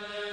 you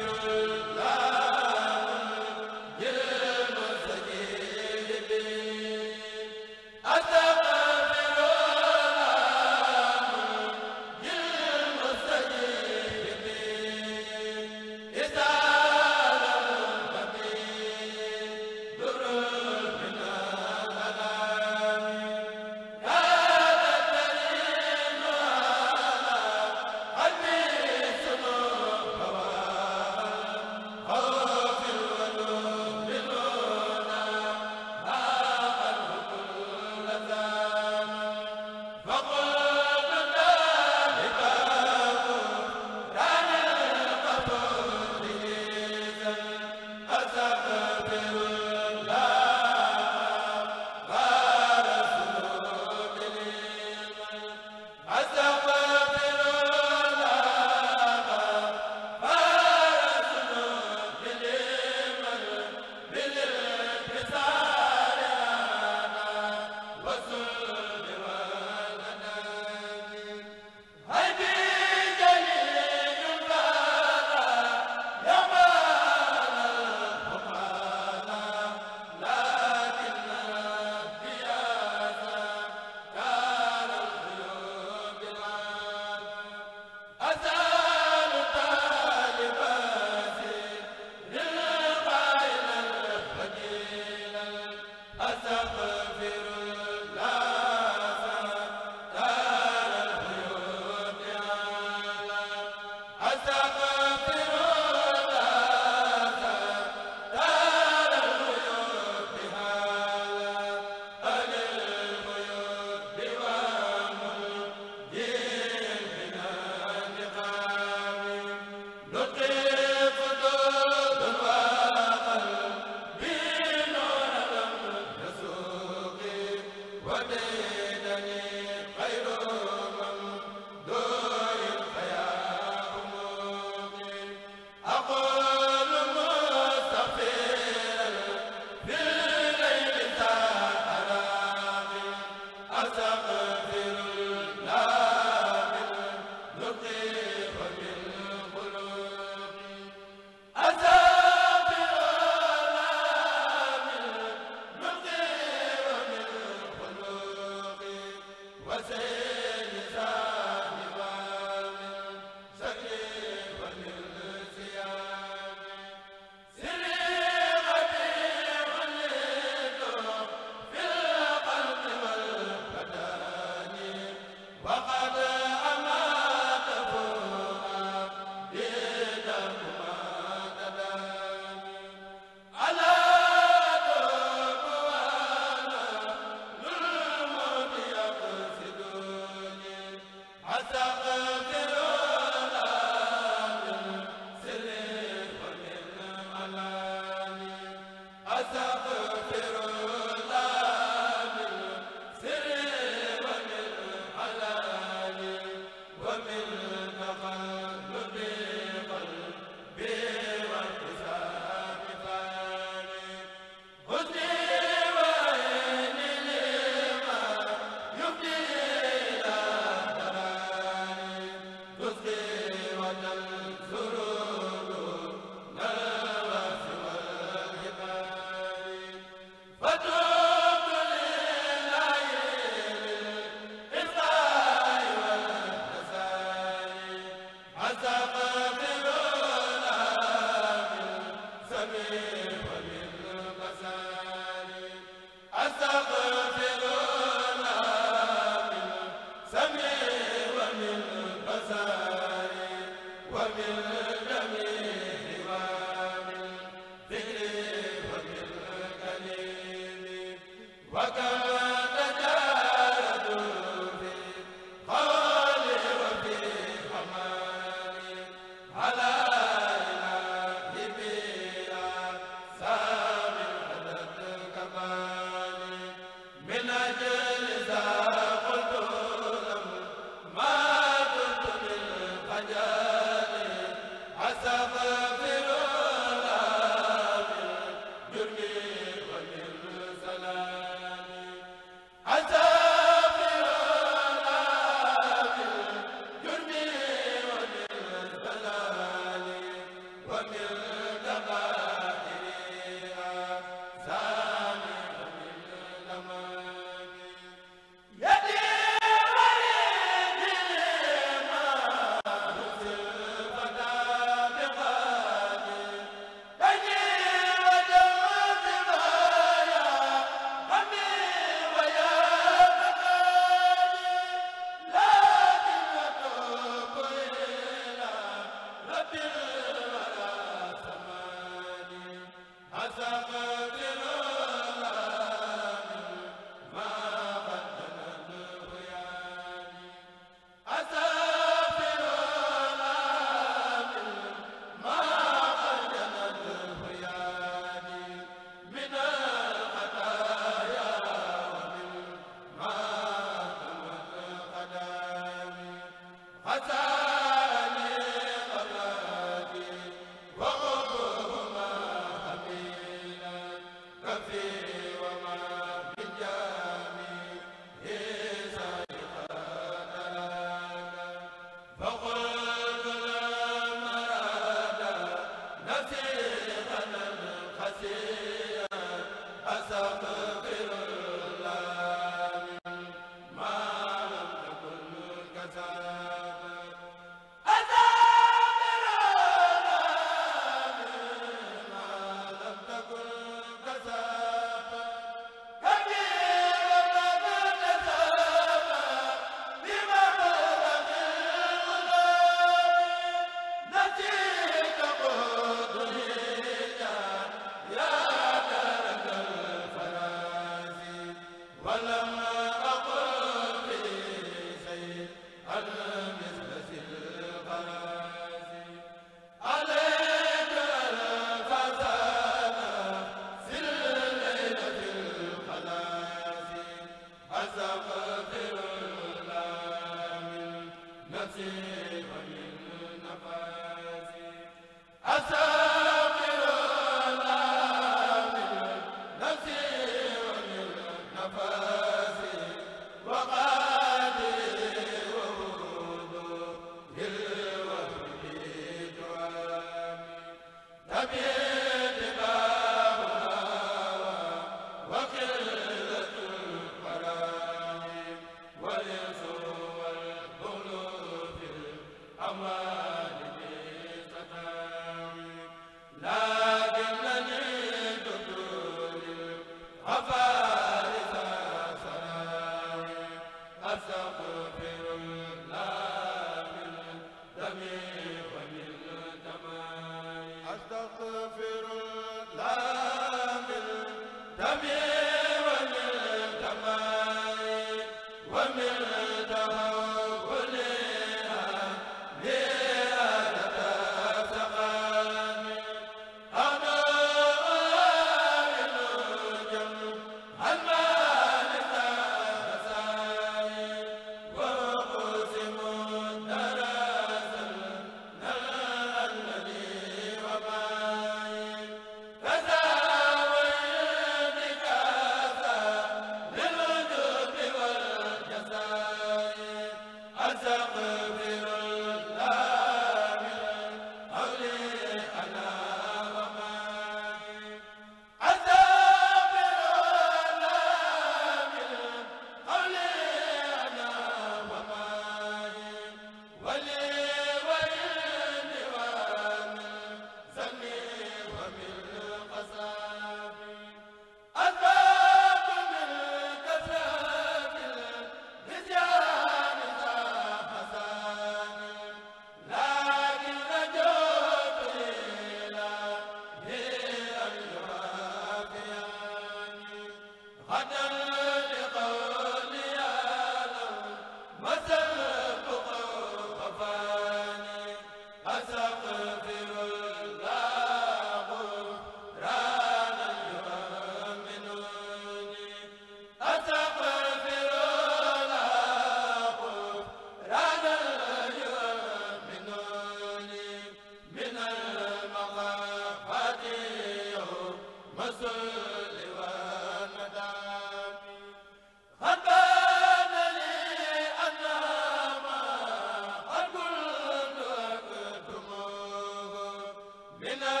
min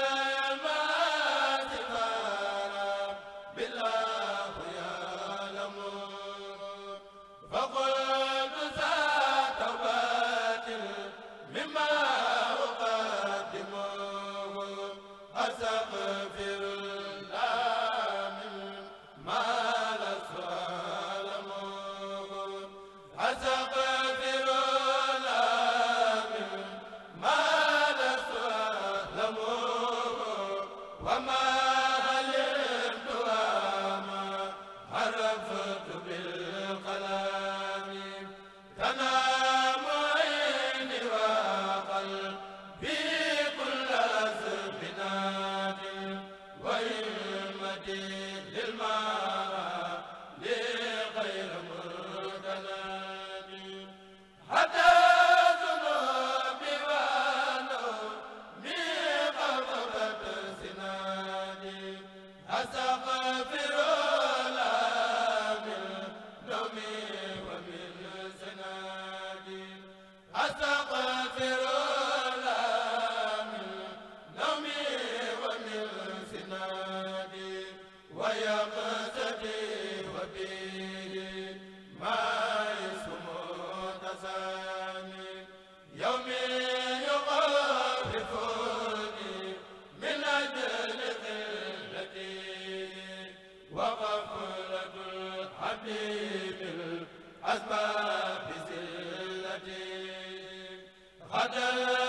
la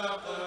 razaq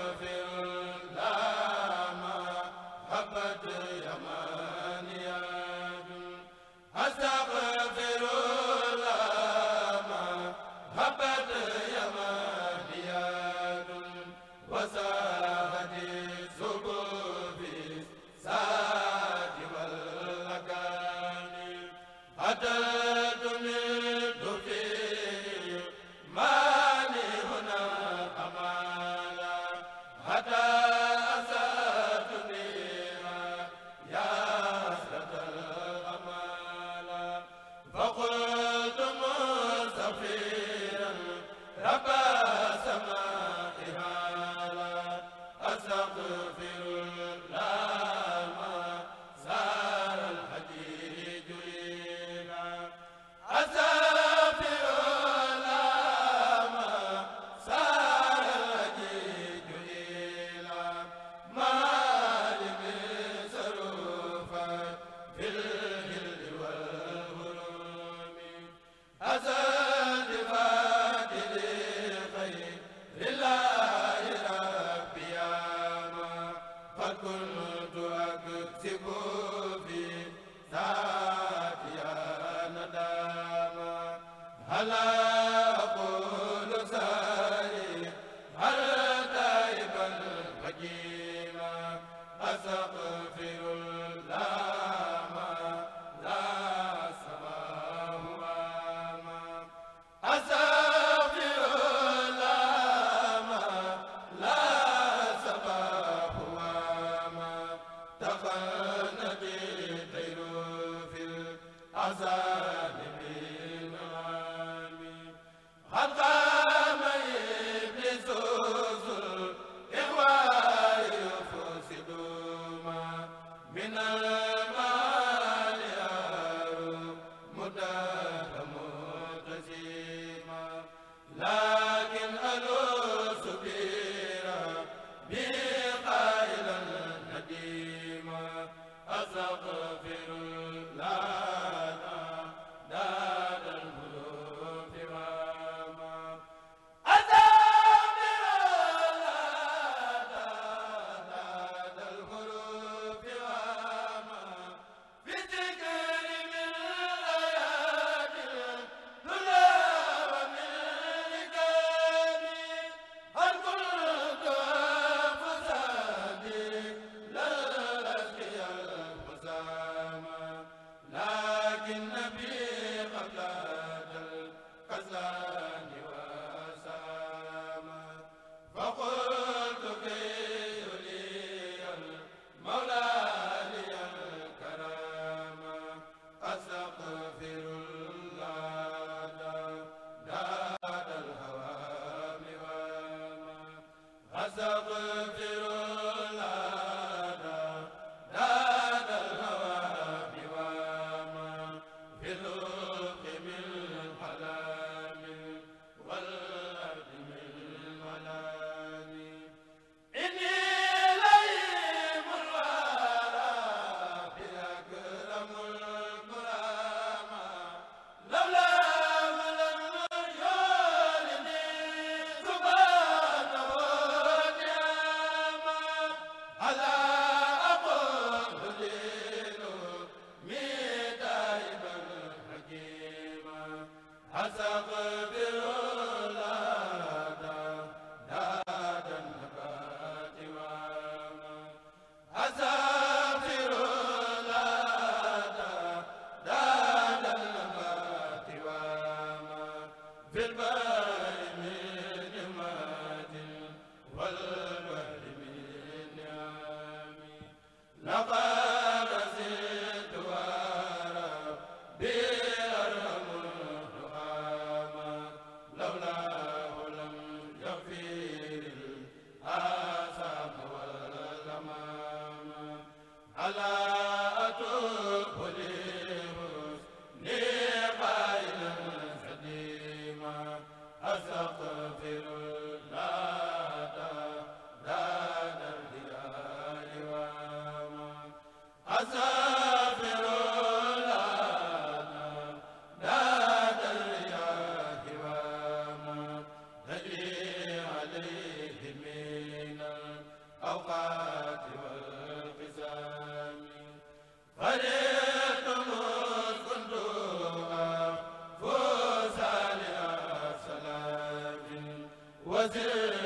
Brazil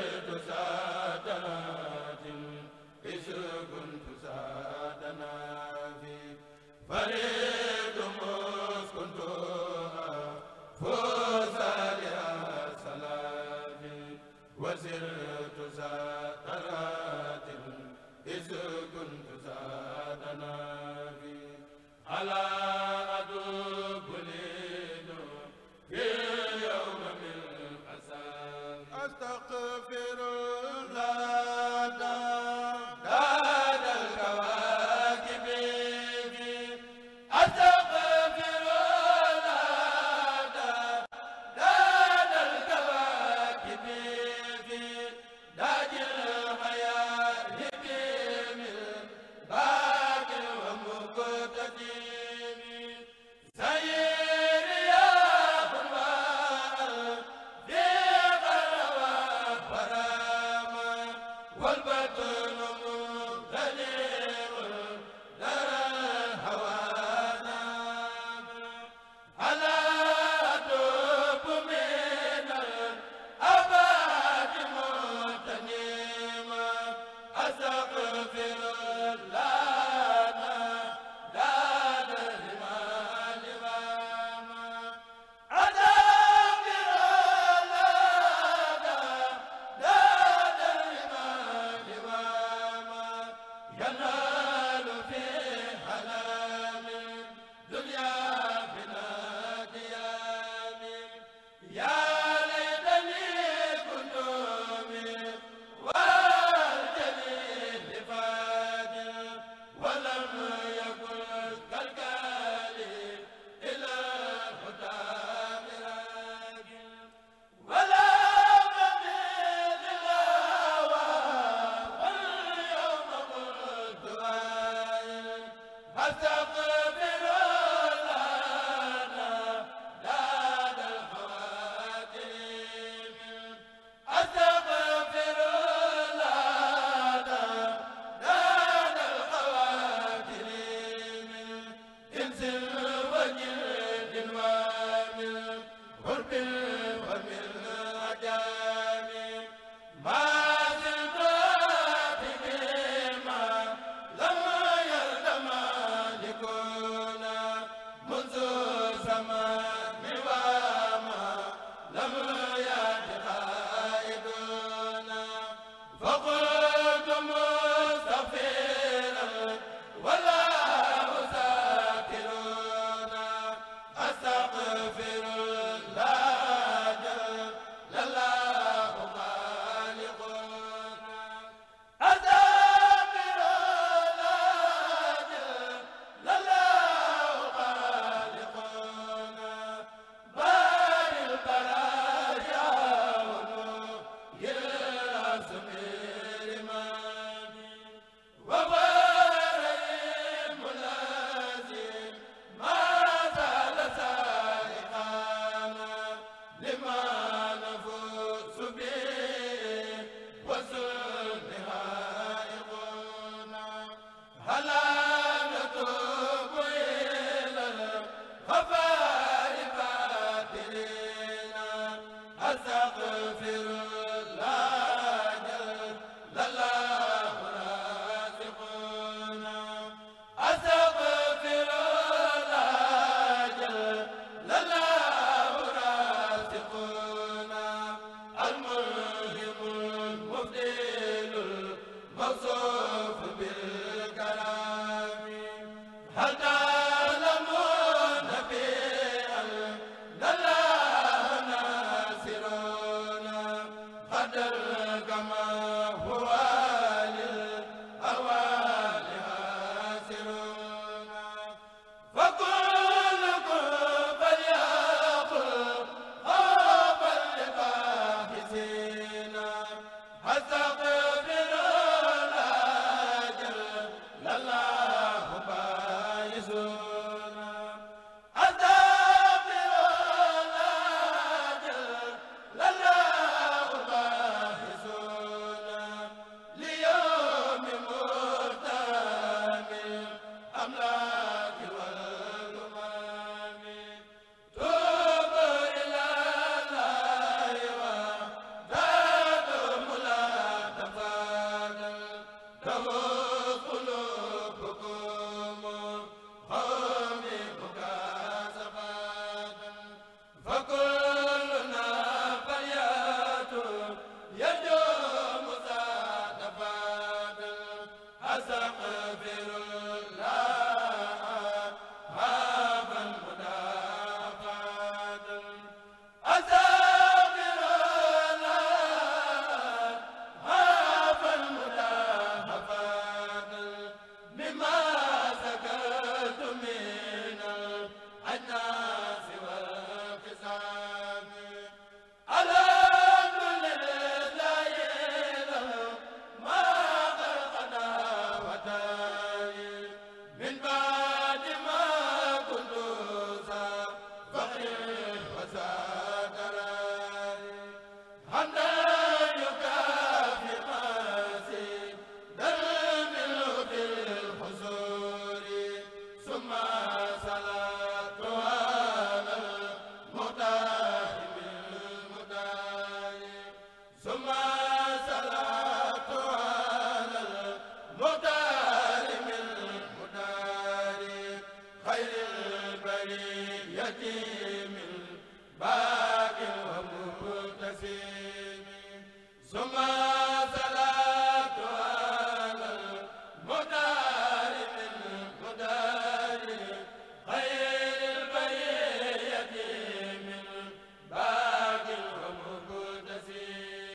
Come on.